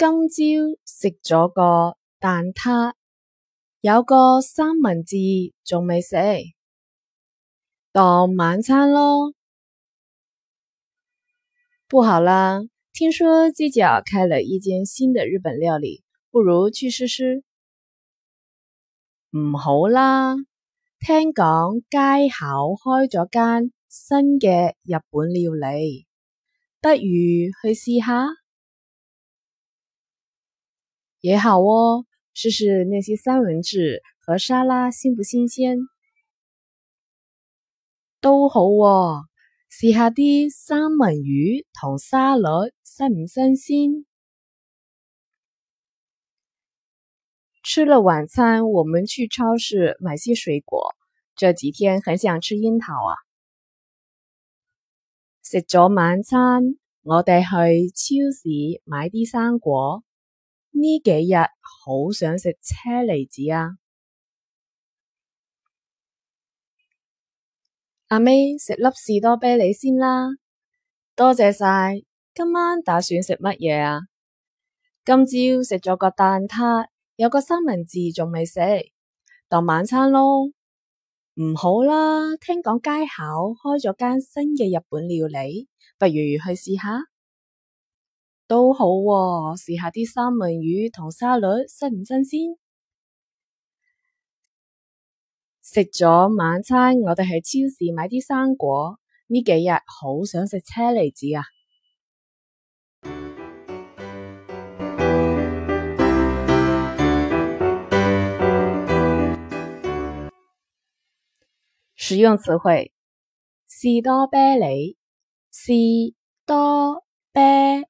今朝食咗個蛋撻，有個三文治仲未食，當晚餐咯。不好啦，聽說街口開了一間新的日本料理，不如去試試。唔好啦，聽講街口開咗間新嘅日本料理，不如去試下。也好哦，試試那些三文治和沙拉新不新鮮？都好喎，試下啲三文魚同沙律新唔新鮮？吃了晚餐，我們去超市買些水果。這幾天很想吃櫻桃啊！食咗晚餐，我哋去超市買啲生果。呢幾日好想食車厘子啊！阿妹，食粒士多啤梨先啦，多謝晒。今晚打算食乜嘢啊？今朝食咗個蛋撻，有個三文治仲未食，當晚餐咯。唔好啦，聽講街口開咗間新嘅日本料理，不如去試下。都好喎，試下啲三文魚同沙律新唔新鮮？食咗晚餐，我哋去超市買啲生果。呢幾日好想食車厘子啊！使用詞彙：士多啤梨、士多啤梨。